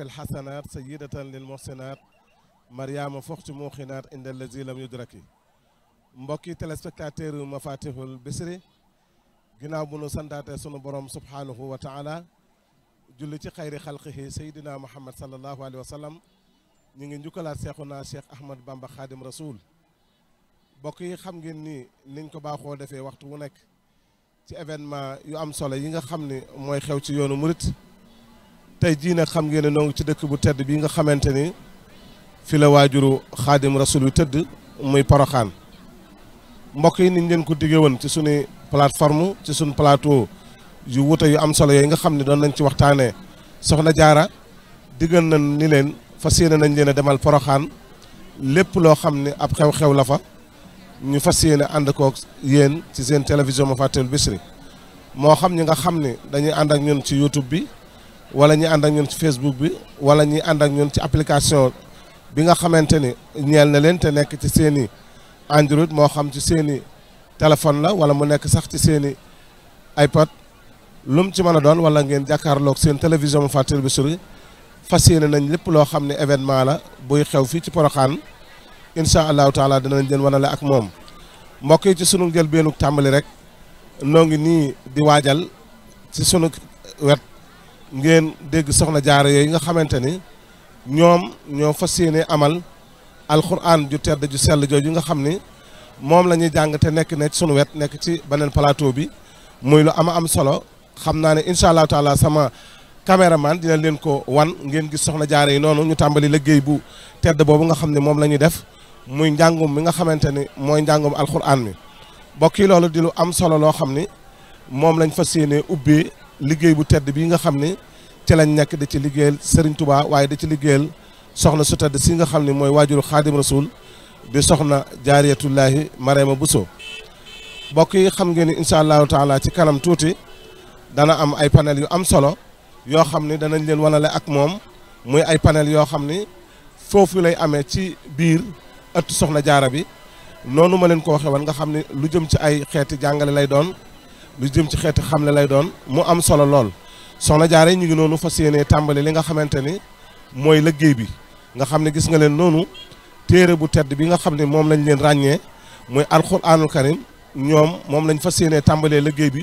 fi lxasanaat sayidatan lil muxsinaat mariama fox ci muuxinaat inda lazi lam yudraki mbokki téléspectateur yu mafatihul ginnaaw bu nu santaate sunu borom subhaanahu wa taala julli ci xayri xalqihi sayidina muhammad salallahu alayhi wa sallam ñu ngi njukkalaat naa cheikh ahmad bamba xaadim rasoul mbokk yi xam ngeen ni niñ ko baaxoo defee waxtu wu nekk ci événement yu am solo yi nga xam ni mooy xew ci yoonu murit tey jii nag xam ngeen ne noo ci dëkk bu tedd bii nga xamante ni fi la waajuru xaadim rasul yu tëdd muy poroxaan mbokk yi niñ leen ko diggee woon ci suñu plateforme ci suñu plateau yu wute yu am solo yooyu nga xam ne doon nañ ci waxtaanee soxna jaara diggal na ni leen fas yéene nañ leen a demal poroxaan lépp loo xam ne ab xew-xew la fa ñu fas yéene ànd koog yéen ci seen télévision ma fàtteel Bichri moo xam ñi nga xam ne dañuy ànd ak ñun ci YouTube bi wala ñi ànd ak ñun ci Facebook bi wala ñi ànd ak ñun ci application bi nga xamante ni ñeel na leen te nekk ci seeni i moo xam ci seeni i téléphone la wala mu nekk sax ci seeni i iPod lu ci mën a doon wala ngeen jàkkaarloog seen télévision mu fàttali bi suri fas yéene nañ lépp loo xam ne événement la buy xew fii ci Porokhane incha allahu taala danañ leen wanale ak moom mbokk yi ci sunu njëlbéenu tàmbali rek noo ngi nii di waajal ci sunu wet ngeen dégg soxna jaara yooyu nga xamante ni ñoom ñoo fas yéene amal alxuraan ju tedd ju sell jooju nga xam ni moom la ñuy jàng te nekk ne sunu wet nekk ci beneen plateau bi muy lu ama am solo xam naa ne incha allahu taala sama caméraman dina leen ko wan ngeen gis soxna jaare yi noonu ñu tàmbali liggéey bu tedd boobu nga xam ne moom la ñuy def muy njàngum mi nga xamante ni mooy njàngum alxuraan mi bokk yi loolu di lu am solo loo xam ni moom lañu fas yéene ubbee liggéey bu tedd bii nga xam ne ci lañ nekk da ci liggéeyal Serigne Touba waaye da ci liggéeyal soxna su tedd sii nga xam ne mooy waajuru xaadim rasul bi soxna jaariyatullahi Marema Bousso mbokk yi xam ngeen ni incha allahu taala ci kanam tuuti dana am ay panel yu am solo yoo xam ne danañ leen wanale ak moom muy ay panel yoo xam ni foofu lay amee ci biir ëtt soxna jaara bi noonu ma leen ko waxee woon nga xam ne lu jëm ci ay xeeti jàngale lay doon lu jëm ci xeeti xamle lay doon mu am solo lool soxna jaare ñu ngi noonu fas yéenee tàmbali li nga xamante ni mooy liggéey bi nga xam ne gis nga leen noonu téere bu tedd bi nga xam ni moom lañ leen ràññee muy alxuraanul karim ñoom moom lañ fas yéenee tàmbalee liggéey bi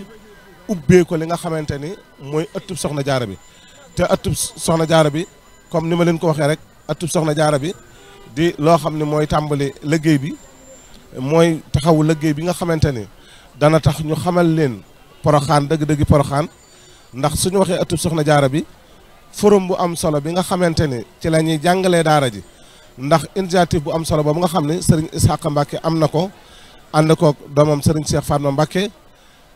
ubbee ko li nga xamante ni mooy ëttub soxna jaara bi te ëttub soxna jaara bi comme ni ma leen ko waxee rek ëttub soxna jaara bi di loo xam ne mooy tàmbali liggéey bi mooy taxawu liggéey bi nga xamante ni dana tax ñu xamal leen poroxaan dëgg-dëggi poroxaan ndax suñu waxee ëttub soxna jaara bi forum bu am solo bi nga xamante ni ci la ñuy jàngalee daara ji ndax initiative bu am solo boobu nga xam ne sëriñ Isaaqa Mbàkke am na ko ànd koog doomam sëriñ Cheikh Fatma Mbàkke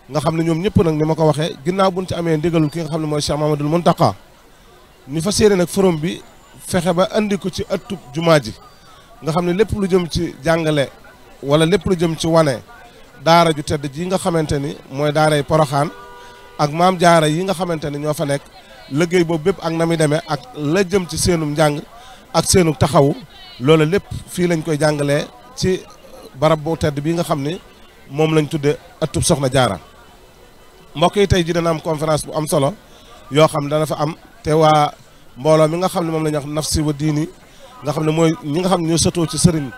nga xam ne ñoom ñëpp nag ni ma ko waxee ginnaaw buñ ci amee ndigalul ki nga xam ne mooy Cheikh Mamadul Muntaqa ñu fas yéene nag forom bi fexe ba indi ko ci ëttub jumaa ji nga xam ne lépp lu jëm ci jàngale wala lépp lu jëm ci wane daara ju tedd ji nga xamante ni mooy daaray poroxaan ak maam jaara yi nga xamante ni ñoo fa nekk liggéey boobu bépp ak na muy demee ak la jëm ci seenum njàng ak seenu taxaw loolu lépp fii lañ koy jàngalee ci barab bu tedd bi nga xam ni moom lañ tudde ëttub soxna jaara mbokk yi tey ji dana am conférence bu am solo yoo xam ne dana fa am te waa mbooloo mi nga xam ne moom la ñu wax nafsi wa diini nga xam ne mooy ñi nga xam ne ñoo sotoo ci sëriñ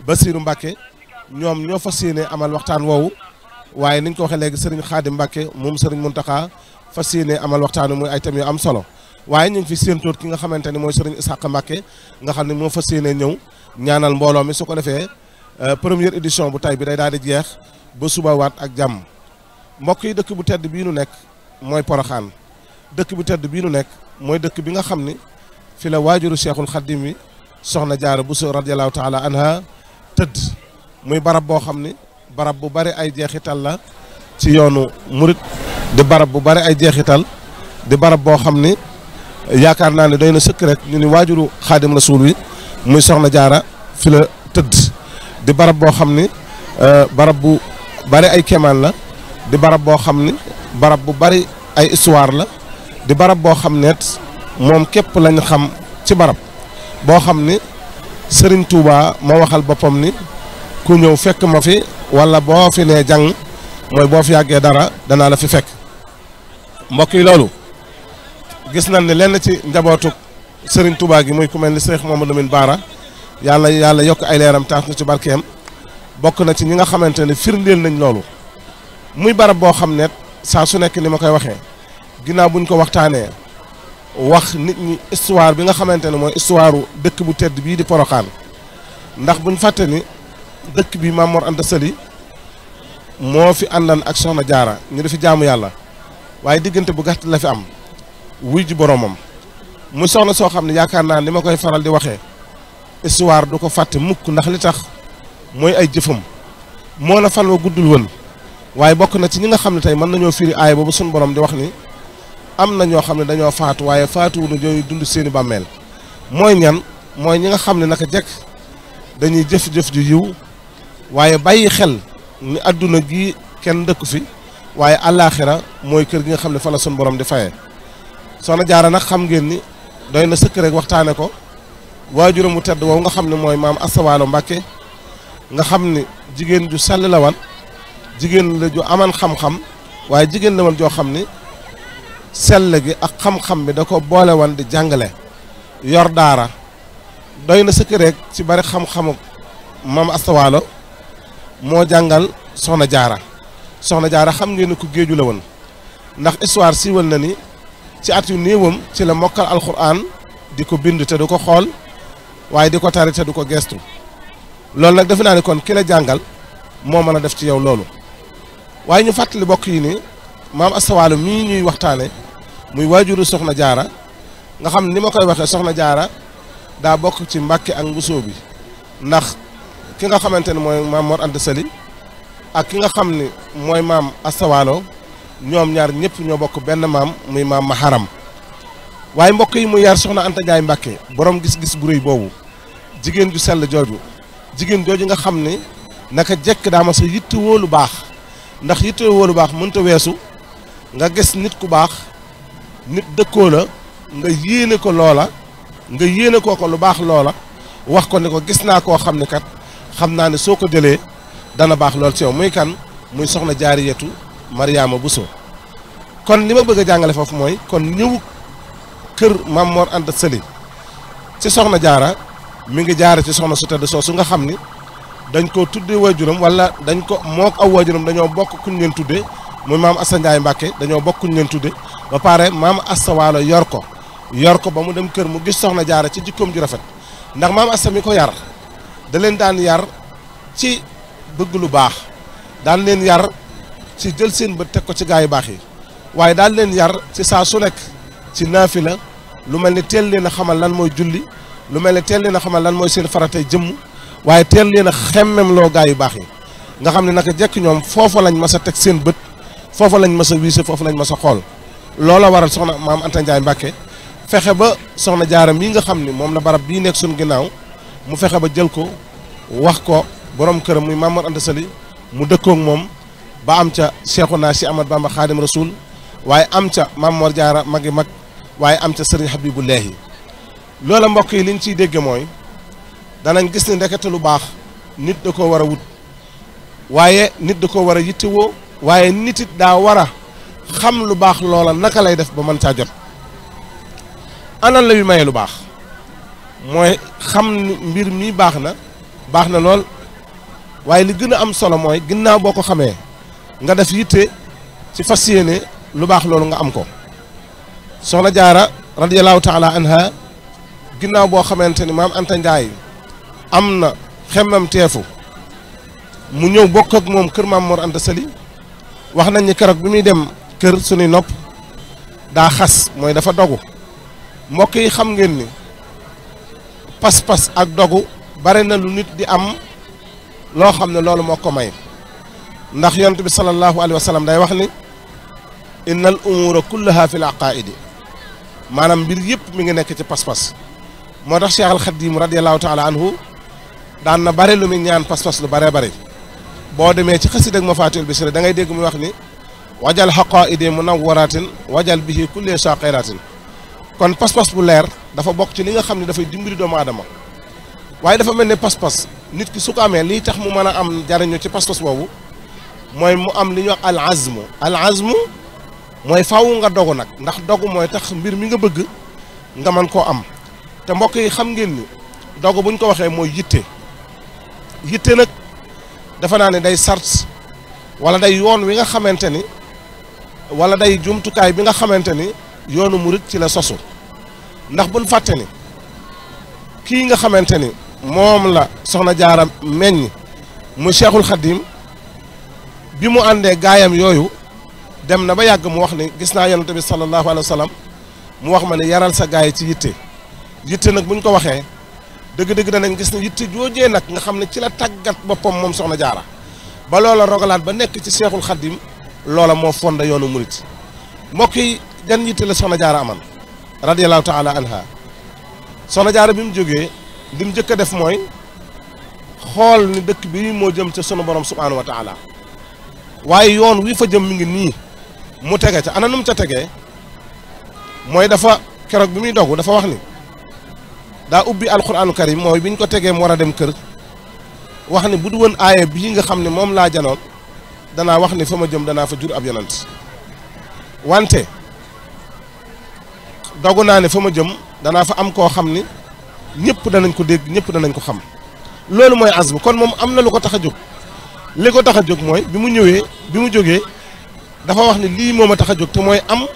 Basiiru Mbàkke ñoom ñoo fas yéene amal waxtaan woowu waaye niñ ko waxee léegi sëriñ Xaadim Mbàkke moom sëriñ Muntaxa fa yéene amal waxtaan muy ay thèmes yu am solo waaye ñu ngi fi séentoot ki nga xamante ni mooy sëriñ Isaaqa Mbàkke nga xam ne moo fas yéene ñëw ñaanal mbooloo mi su ko defee euh, première édition bu tay bi day daal di jeex ba suba waat ak jàmm mbokk yi dëkk bu tedd bii nu nekk mooy Poroxaan dëkk bu tedd bii nu nekk mooy dëkk bi nga xam ni fi la waajuru Cheikhul Xadim bi soxna Jaara Buso radiyallahu taala anha tëdd muy barab boo xam ni barab bu bari ay jeexital la ci yoonu murit di barab bu bari ay jeexital di barab boo xam ni yaakaar naa ne doy na sëkk rek ñu ni waajuru xaadim rasuul wi muy soxna jaara fi la tëdd di barab boo xam ni euh, barab bu bari ay kemaan la di barab boo xam ni barab bu bari ay histoire la di barab boo xam ne moom képp lañ xam ci barab boo xam ni Serigne Touba moo waxal boppam ni ku ñëw fekk ma fi wala boo fi nee jàng mooy boo fi yàggee dara danaa la fi fekk mbokk yi loolu gis nan ne lenn ci njabootu sëriñ Touba gi muy ku mel ni Cheikh Mamadou Lamine Bara yàlla yàlla yokk ay leeram taas na ci barkeem bokk na ci ñi nga xamante ne firndeel nañ loolu muy barab boo xam ne saa su nekkee ni ma koy waxee ginnaaw buñ ko waxtaanee wax nit ñi histoire bi nga xamante ne mooy histoire dëkk bu tedd bii di Porokhane ndax buñ fàtte ni. dëkk bii Maam Mor Anta moo fi àndan ak soxna jaara ñu fi jaamu yàlla waaye diggante bu gàtt la fi am wuy ji boroomam muy soxna soo xam ne yaakaar naa ni ma koy faral di waxee histoire du ko fàtte mukk ndax li tax mooy ay jëfam moo na fal wa guddul woon waaye bokk na ci ñi nga xam ne tey mën nañoo firi aay boobu suñu borom di wax ni am na ñoo xam ne dañoo faatu waaye faatuwuñu ñooy dund seeni bàmmeel mooy ñan mooy ñi nga xam ne naka jekk dañuy jëf-jëf ju waaye bàyyi xel ni àdduna gi kenn dëkku fi waaye àllaaxira mooy kër gi nga xam ne fa la sun borom di fayee soxna jaara nag xam ngeen ni doy na sëkk rek waxtaane ko waajuram mu tedd woowu nga xam ne mooy maam asawaalo mbàkke nga xam ni jigéen ju sell la wan jigéen la ju aman xam-xam waaye jigéen la wan joo xam ni sell gi ak xam-xam bi da ko boole wan di jàngale yor daara doy na sëkk rek ci bari xam-xamu maam asawaalo moo jàngal soxna jaara soxna jaara xam ngeen ne ko géeju la woon ndax histoire siiwal na ni ci at yu néewam ci la mokkal alxuraan di ko bind te du ko xool waaye di ko tari te du ko geestu loolu nag defe naa ne kon ki la jàngal moo mën a def ci yow loolu waaye ñu fàttali bokk yi ni maam astawaalo mii ñuy waxtaane muy waajuru soxna jaara nga xam ni ma koy waxee soxna jaara daa bokk ci mbàkke ak mbusoo bi ndax ki nga xamante ni mooy maam Mor Anta Sali ak ki nga xam ne mooy maam Asta ñoom ñaar ñëpp ñoo bokk benn maam muy maam Maharam waaye mbokk yi mu yar soxna Anta Ndiaye Mbàkke borom gis-gis bu réy boobu jigéen ju sell jooju jigéen jooju nga xam ne naka jekk daa ma sa woo lu baax ndax yittewoo lu baax mënta weesu nga gis nit ku baax nit dëkkoo la nga yéene ko loola nga yéene koo ko lu baax loola wax ko ne ko gis naa koo xam ne kat xam naa ne soo ko jëlee dana baax lool ci yow muy kan muy soxna jaariyatu bu Bousso kon li ma bëgg a jàngale foofu mooy kon ñëw kër Mame Mor Anta Sali ci soxna jaara mi ngi jaara ci soxna su tedd su nga xam ni dañ ko tudde waajuram wala dañ ko moo aw waajuram dañoo bokk kuñ leen tudde muy maam Assa Ndiaye Mbacke dañoo bokk kuñ leen tudde ba pare maam Assa Waalo yor ko yor ko ba mu dem kër mu gis soxna jaara ci jikkoom ju rafet ndax maam Assa mi ko yar da leen daan yar ci bëgg lu baax daan leen yar ci jël seen bët teg ko ci gaa yu baax yi waaye daan leen yar ci saa su nekk ci naafila lu mel ni teel leen a xamal lan mooy julli lu mel ni teel leen a xamal lan mooy seen faratay jëmm waaye teel leen a xemmem loo gaa yi baax yi nga xam ne nag jekk ñoom foofa lañ mas a teg seen bët foofu lañ mas a wiise foofa lañ mas a xool loola waral soxna maam Anta Ndiaye Mbacke fexe ba soxna jaaram yi nga xam ni moom la barab bii nekk suñ ginnaaw mu fexe ba jël ko wax ko borom këram muy Mamour Anta mu dëkkook moom ba am ca naa si Ahmad Bamba Xaadim Rasul waaye am ca Mamoor Jaara magi mag waaye am ca sëriñ Habibullahi loola mbokk yi liñ ciy dégge mooy danañ gis ni ndekete lu baax nit da ko war a wut waaye nit da ko war a yittewoo waaye nitit daa war a xam lu baax loola naka lay def ba mën caa jot anan la yu maye lu baax mooy xam mbir mi baax na baax na lool waaye li gën a am solo mooy ginnaaw boo ko xamee nga def yitte ci fas yéene lu baax loolu nga am ko soxna jaara radiyallahu taala anha ginnaaw boo xamante ni maam Anta Njaay am na xemmam teefu mu ñëw bokk moom kër maam Mor Anta Sali wax nañ ni keroog bi muy dem kër sunuy nopp daa xas mooy dafa dogu mbokk yi xam ngeen ni pas-pas ak dogu bare na lu nit di am loo xam ne loolu moo ko may ndax yonent bi sallallahu alayhi wa day wax ni inna al umuura kullaha fi l aqaidi maanaam mbir yëpp mi ngi nekk ci pas-pas moo tax Cheikh al Xadim radiallahu taala anhu daan na bare lu muy ñaan pas-pas lu bare bare boo demee ci xasida ak bi Bichri da ngay dégg muy wax ni wajal xaqaidi munawwaratin wajal bihi kulli shaqiratin kon pas-pas bu leer dafa bokk ci li nga xam ne dafay dimbali doomu aadama waaye dafa mel ni pas-pas nit ki su ko amee lii tax mu mën a am jariñu ci pas-pas boobu mooy mu am li ñuy wax al azmu mooy faaw nga dogu nag ndax dogu mooy tax mbir mi nga bëgg nga mën koo am te mbokk yi xam ngeen ni dogu buñ ko waxee mooy yitte yitte nag dafa naa ne day sart wala day yoon wi nga xamante ni wala day jumtukaay bi nga xamante ni yoonu murit ci la sosu ndax buñ fàtte ni kii nga xamante ni moom la soxna jaara meññ mu cheikhul xadim bi mu àndee gaayam yooyu dem na ba yàgg mu wax ni gis naa yonent bi sallallahu alayhi wa salaam mu wax ma ne yaral sa gaay ci yitte yitte nag bu ñu ko waxee dëgg-dëgg danañ gis ne yitte joojee nag nga xam ne ci la tàggat boppam moom soxna jaara ba loola rogalaat ba nekk ci cheikhul xadim loola moo fonda yoonu murit mbokk yi jan yitte la soxna jaara aman radiallahu taala soo soxna jaaree bi mu jógee li mu njëkk a def mooy xool ni dëkk bi moo jëm ca sunu borom subhaanahu wa taala waaye yoon wi fa jëm mu ngi nii mu tege ca ana nu ca tegee mooy dafa keroog bi muy dogu dafa wax ni daa ubbi alquraanu karim mooy bi ko tegee mu war a dem kër wax ni bu du woon aaya bii nga xam ne moom laa janoon danaa wax ni fa ma jëm danaa fa jur ab yonant wante dogu naa ne fa ma jëm danaa fa am koo xam ni ñëpp danañ ko dégg ñëpp danañ ko xam loolu mooy azmu kon moom am na lu ko tax a jóg li ko tax a jóg mooy bi mu ñëwee bi mu jógee dafa wax ni lii moom a tax a jóg te mooy am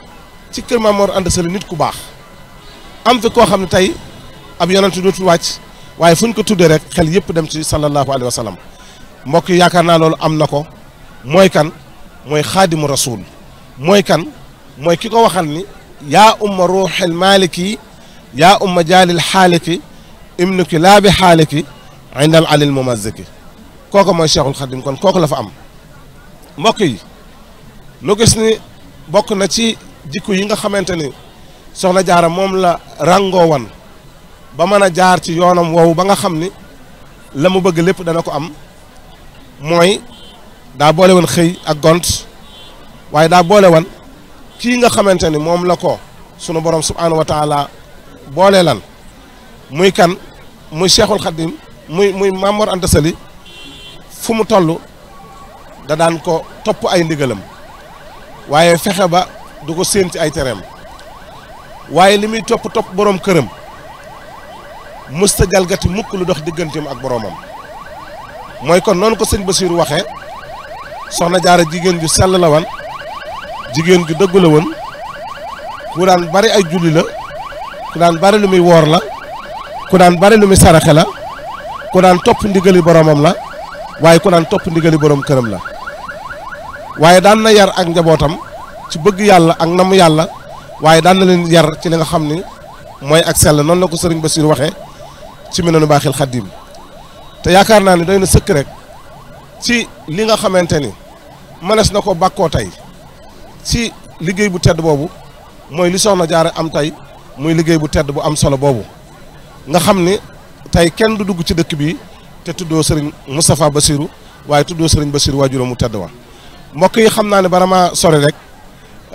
ci kër Maam Mor nit ku baax am fi koo xam ne tey ab yonent dootul wàcc waaye fuñ ko tuddee rek xel yëpp dem ci sallallahu alayhi wa sallam mbokk yi yaakaar naa loolu am na ko mooy kan mooy xaadimu rasul mooy kan mooy ki ko waxal ni yaa umma ruuxil maaliki yaa umma jaalil xaaliki imnuki laabi xaaliki indal alil mumaziki kooku mooy cheikhul xadim kon kooku lafa am mbokk yi nu gis ni bokk na ci jikko yi nga xamante ni soxna jaara moom la ràngoo wan ba mën a jaar ci yoonam woowu ba nga xam ni la mu bëgg lépp dana ko am mooy daa boole woon xëy ak gont waaye daa boole woon kii nga xamante ni moom la ko sunu borom subhaanahu wa taala boole lan muy kan muy cheikhul xadim muy muy Mamor Anta Sali fu mu toll da daan ko topp ay ndigalam waaye fexe ba du ko séen ci ay tereem waaye li muy topp topp borom këram mësta jalgati mukk lu dox digganteem ak boromam mooy kon noonu ko sëñ Basiiru waxee soxna jaara jigéen ju sell la wan jigéen ju dëggu woon ku daan bari ay julli la ku daan bari lu muy woor la ku daan bari lu muy saraxe la ku daan topp ndigali boromam la waaye ku daan topp ndigali borom këram la waaye daan na yar ak njabootam ci bëgg yàlla ak namu yàlla waaye daan na leen yar ci li nga xam ni mooy ak sell noonu la ko sëriñ Basiir waxee ci Minanu Baaxil Xaddiim te yaakaar naa ni doy na sëkk rek ci li nga xamante ni mënees na ko bàkkoo tey si liggéey bu tedd boobu mooy li soxna jaare am tey muy liggéey bu tedd bu am solo boobu nga xam ni tey kenn du dugg ci dëkk bi te tuddoo sëriñ Moustapha Bassirou waaye tuddoo sëriñ Bassirou waajuram mu tedd wa mbokk yi xam naa ne bara ma sori rek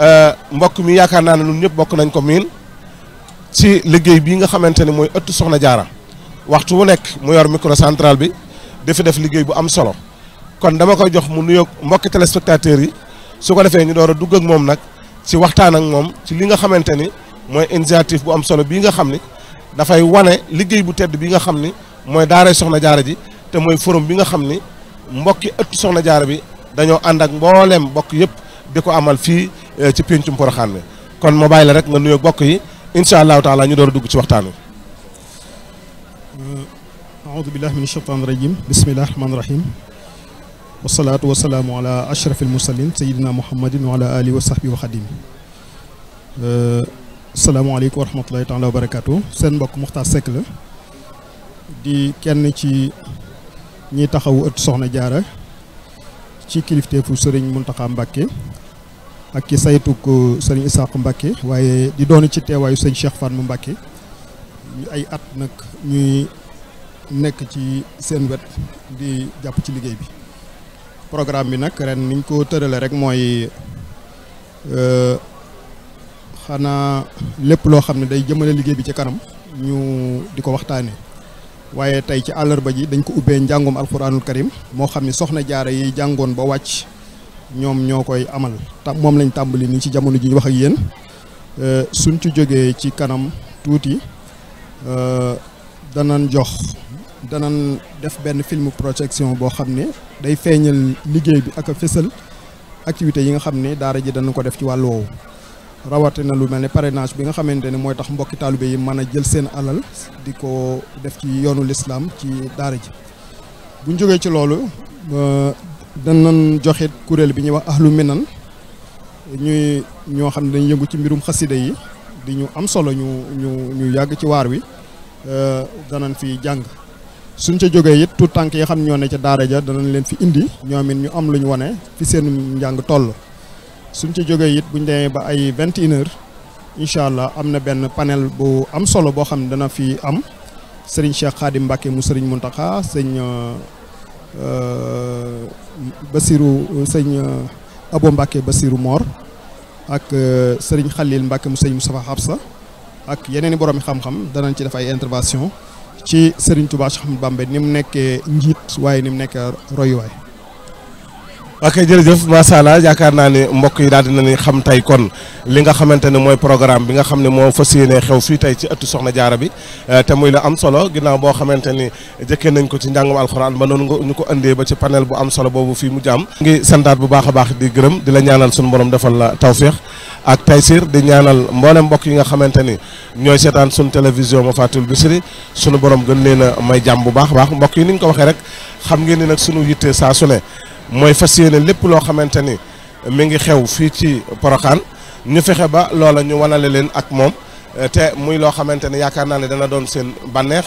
euh, mbokk mi yaakaar naa ne ñun ñëpp bokk nañ ko miin ci liggéey bii nga xamante ne mooy ëtt soxna jaara waxtu wu nekk mu yor micro central bi dafa def liggéey bu am solo kon dama koy jox mu nuyoog mbokki téléspectateurs yi su ko defee ñu door a dugg ak moom nag ci waxtaan ak moom ci li nga xamante ni mooy initiative bu am solo bii nga xam ni dafay wane liggéey bu tedd bii nga xam ni mooy daaray soxna jaara ji te mooy forom bi nga xam ni mbokki ëtt soxna jaara bi dañoo ànd ak mbooleem mbokk yëpp di ko amal fii eh, ci péncum poroxaan bi kon ma bàyyi la rek nga nuyoo bokk yi incha allahu taala ñu door a dugg ci waxtaan wi euh, aoudu billahi min ashaytan irajim bismillahi rahmani rahim wasalaatu wasalaamu ala ashraf almursalin sayidina muhammadin wa ala alihi wa sahbi wa xadim euh, salaamaaleykum wa rahmatulahi taala wa barakaatu seen mbokk Muxtaar Seck la di kenn ci ñiy taxawu ëtt soxna jaara ci kilifteefu sëriñ Muntaxa Mbàkke ak ci saytuk sëriñ Isaaq Mbàkke waaye di doon ci teewaayu sëñ Cheikh Fatma Mbàkke ñu ay at nag ñuy nekk ci seen wet di jàpp ci liggéey bi programme bi nag ren niñ ko tërale rek mooy euh, xanaa lépp loo xam ne day jëmale liggéey bi ci kanam ñu di ko waxtaane waaye tey ci àllarba ji dañ ko ubbee njàngum alquranul karim moo xam ne soxna jaara yi jàngoon ba wàcc ñoom ñoo koy amal tam moom lañ tàmbali nii ci jamono ji wax ak yéen euh, suñ ci jógee ci kanam tuuti euh, danañ jox danañ def benn film projection boo xam ne day feeñal liggéey bi ak a fësal activités yi nga xam ne daara ji dana ko def ci wàllu woowu rawatina lu mel ne parrainage bi nga xamante ne mooy tax mbokki taalibe yi mën a jël seen alal di ko def ci yoonu lislaam ci daara ji bu ñu ci loolu euh, danañ joxit kuréel bi ñuy wax ahlu minan ñuy ñoo xam ne dañuy yëngu ci mbirum xasida yi di ñu am solo ñu ñu ñu yàgg ci waar wi euh, danañ fi jàng suñ ca jógee it tout tànk yi xam ñoo ne ca daara ja danañ leen fi indi ñoom it ñu am lu ñu wane fi seen njàng toll suñ ca jógee it buñ demee ba ay vingt et une allah am na benn panel bu am solo boo xam ne dana fi am sëriñ Cheikh Khadim Mbacke mu sëriñ Mountakha sëñ Basirou sëñ Abo Mbacke Basirou Mor ak euh, sëriñ Khalil Mbacke mu sëñ Moustapha Habsa ak yeneen i borom xam-xam danañ ci def ay intervention ci Serigne Touba Cheikh Ahmadou Bamba ni mu nekkee njiit waaye ni mu nekkee royuwaay ok jërëjëf macha allah yaakaar naa ni mbokk yi daal dina ni xam tey kon li nga xamante ne mooy programme bi nga xam ne moo fa yéene xew fii tey ci ëttu soxna jaara bi eh, te muy la am solo ginnaaw boo xamante ni jëkkee nañ ko ci njàngum alxuraan ba noonu nga ñu ko indee ba ci panel bu am solo boobu fii mu jàmm ngi santaat bu baax a baax di gërëm di la ñaanal suñu borom defal la tawféex ak taysir di ñaanal mboolem mbokk yi nga xamante ni ñooy seetaan sunu télévision ma fatul bisri suñu borom gën leen a may jàmm bu baax baax mbokk yi ni ñu ko waxee rek xam ngeen ni nag suñu yitte saa su mooy fas yéene lépp loo xamante ni mi ngi xew fii ci Porokhane ñu fexe ba loola ñu wanale leen ak moom te muy loo xamante ne yaakaar naa ne dana doon seen bànneex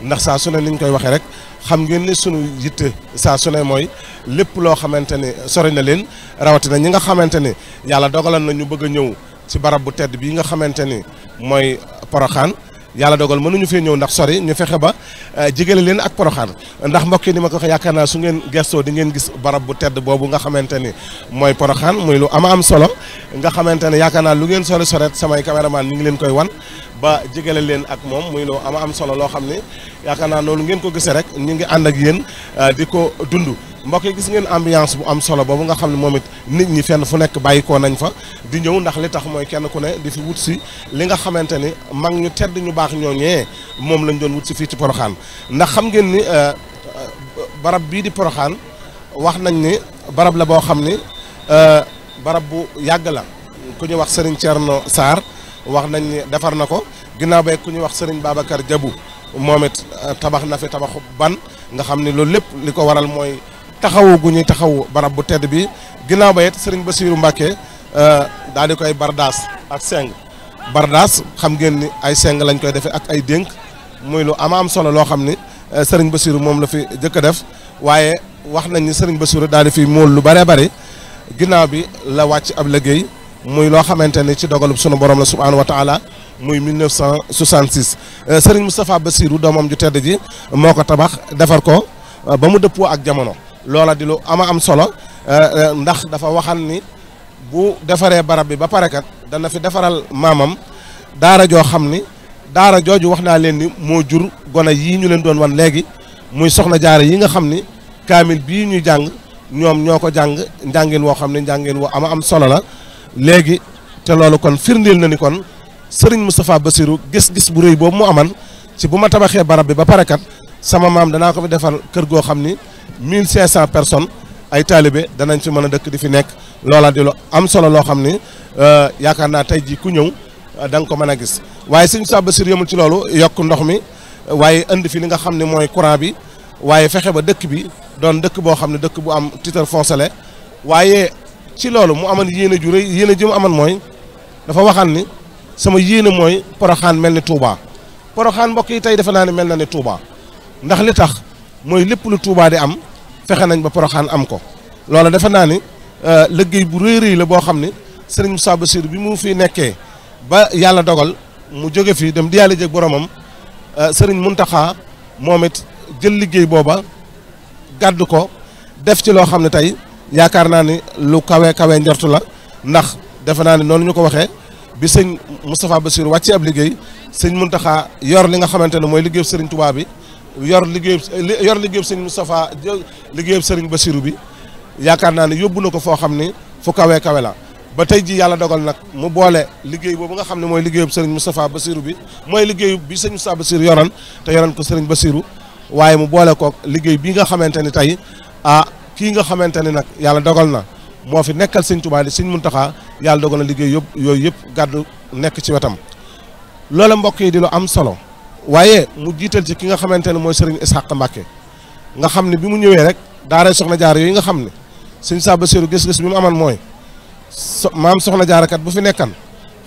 ndax saa su ne niñ koy waxee rek xam ngeen ni sunu yitte saa su ne mooy lépp loo xamante ni sori na leen rawatina ñi nga xamante ni yàlla dogalan na ñu bëgg a ñëw ci barab bu tedd bii nga xamante ni mooy Porokhane yàlla dogal mënuñu fee ñëw ndax sori ñu fexe ba euh, jigéele leen ak poroxaan ndax mbokk yi ni ma ko waxee yaakaar naa su ngeen gestoo di ngeen gis barab bu tedd boobu nga xamante ni mooy poroxaan muy lu ama am solo nga xamante ne yaakaar naa lu ngeen sori soreet samay caméraman ñu ngi leen koy wan ba jigéele leen ak moom muy lu ama am solo loo xam ni yaakaar naa noonu ngeen ko gisee rek ñu ngi ànd ak yéen euh, di ko dund mbokk yi gis ngeen ambiance bu am solo boobu nga xam ne moom nit ñi fenn fu nekk bàyyikoo nañ fa di ñëw ndax li tax mooy kenn ku ne di fi wut si li nga xamante ni mag ñu tedd ñu baax ñooñee moom lañ doon wut si fii ci Poroxaan ndax xam ngeen ni euh, euh, barab bii di Poroxaan wax nañ ni barab la boo xam ni euh, barab bu yàgg la ku ñu wax Serigne Thierno Sarr wax nañ ni defar na ko ginnaaw ba ku ñuy wax Serigne Babacar jabu moom tabax na fi tabaxu ban nga xam ni loolu lépp li ko waral mooy. taxawu gu ñuy taxawu barab bu tedd bi ginnaaw ba it sëriñ Basiiru Mbàkke euh, daal di koy bardaas ak seng bardaas xam ngeen ni ay seng lañ koy defee ak ay dénk muy lu ama am solo loo xam ni euh, sëriñ Basiiru moom la fi jëkk a def waaye wax nañ ni sëriñ Basiiru daal di fi mool lu bëree bëri ginnaaw bi la wàcc ab liggéey muy loo xamante ni ci dogalub sunu borom la subhaanahu wa taala muy 1966 sëriñ euh, Moustapha Basiiru doomam ju tedd ji moo ko tabax defar ko ba mu dëppoo ak jamono loola di lu ama am solo euh, euh, ndax dafa waxan ni bu defaree barab bi ba pare kat dana fi defaral maamam daara joo xam ni daara jooju wax naa leen ni moo jur gone yii ñu leen doon wan léegi muy soxna jaara yi nga xam ni kaamil bii ñuy jàng ñoom ñoo ko jàng njàngin woo xam ne njàngin woo ama am solo la léegi te loolu kon firndeel na ni kon Serigne Moustapha Bassirou gis-gis bu rëy boobu mu aman ci bu ma tabaxee barab bi ba pare kat sama maam danaa ko fi defal kër goo xam ni 1500 personnes ay taalibe danañ fi mën a dëkk di fi nekk loola di lu am solo loo xam ni euh, yaakaar naa tey jii ku ñëw euh, danga ko mën a gis waaye Sëñ Tuubaa Basiir yëmul ci loolu yokk ndox mi waaye indi fi li nga xam ne mooy courant bi waaye fexe ba dëkk bi doon dëkk boo xam ne dëkk bu am titre foncier waaye ci loolu mu amoon yéene ju rëy yéene ji mu aman mooy dafa waxaan ni sama yéene mooy poroxaan mel ni Touba poroxaan mbokk yi tey defe naa ne mel na ni Touba ndax li tax. mooy lépp lu Touba di am fexe nañ ba Porokhane am ko loola defe naa ni euh, liggéey bu rëy rëy la boo xam ni sëriñ Moussa Bassirou bi mu fi nekkee ba yàlla dogal mu jóge fi dem di yàlla jég boromam euh, sëriñ Mountakha moom it jël liggéey booba gàdd ko def ci loo xam ne tey yaakaar naa ni lu kawe kawe njortu la ndax defe naa ni noonu ñu ko waxee bi sëñ Moustapha Bassirou wàcce ab liggéey sëñ Mountakha yor li nga xamante ne mooy liggéeyu sëriñ Touba bi. yor liggéey yor liggéeyub sëñ Moustapha liggéeyub sëriñ Bassirou bi yaakaar naa ne yóbbu na ko foo xam ne fu kawee kawela ba tey ji yàlla dogal nag mu boole liggéey boobu nga xam ne mooy liggéeyub sëriñ Moustapha Bassirou bi mooy liggéeyub bi sëñ Moustapha Bassirou yoroon te yoroon ko sëriñ Bassirou waaye mu boole ko liggéey bi nga xamante ni tey ah kii nga xamante ni nag yàlla dogal na moo fi nekkal sëñ Tuubaa di sëñ Muntaxa yàlla dogal na liggéey yëpp yooyu yëpp gàddu nekk ci wetam loola mbokk yi di lu am solo waaye mu jiital ci ki nga xamante ne mooy sëriñ Ishaq Mbàkke nga xam ne bi mu ñëwee rek daaray soxna jaar yooyu nga xam ne sëñ Saa Basiru gis-gis bi mu aman mooy so maam soxna jaarakat bu fi nekkan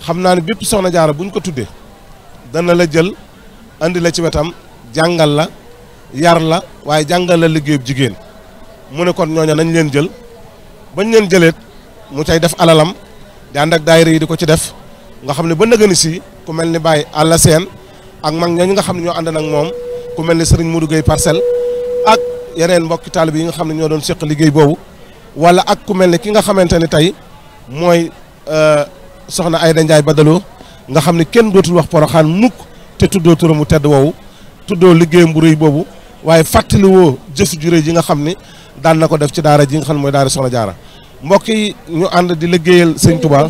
xam naa ne bépp soxna jaara bu ko tuddee dana la jël andi la ci wetam jàngal la yar la waaye jàngal la liggéeyub jigéen mu ne kon ñooña nañ leen jël bañ leen jëleet mu cay def alalam di ànd ak daayira yi di ko ci def nga xam ne ba nëgëni si ku mel ni Baye Alla Seen ak mag ñooñu nga xam ne ñoo ànd nag moom ku mel ne Serigne Modou Gueye parcelle ak yeneen mbokki taalib yi nga xam ne ñoo doon seq liggéey boobu wala ak ku mel ne ki nga xamante ne tey mooy euh, soxna Ayda Ndiaye Badalo nga xam ne kenn dootul wax poroxaan mukk te tuddoo turam mu tedd woowu tuddoo liggéeyam bu rëy boobu waaye fàttaliwoo jëf ju ji nga xam ni daan na ko def ci daara ji nga xam ne mooy daara soxna jaara mbokk yi ñu ànd di liggéeyal sëñ Touba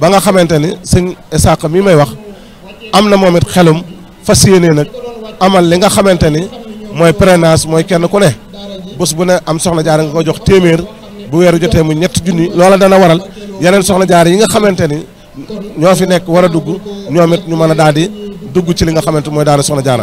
ba nga xamante ni sëñ Isaaqa mi may wax am na moomit it xelum fas yéene nag amal li nga xamante ni mooy prénance mooy kenn ku ne bés bu ne am soxna jaara nga ko jox téeméer bu weeru jotee mu ñetti junni loola dana waral yeneen soxna jaar yi nga xamante ni ñoo fi nekk war a dugg ñoomit ñu mën a daal di dugg ci li nga xamante mooy daara soxna jaara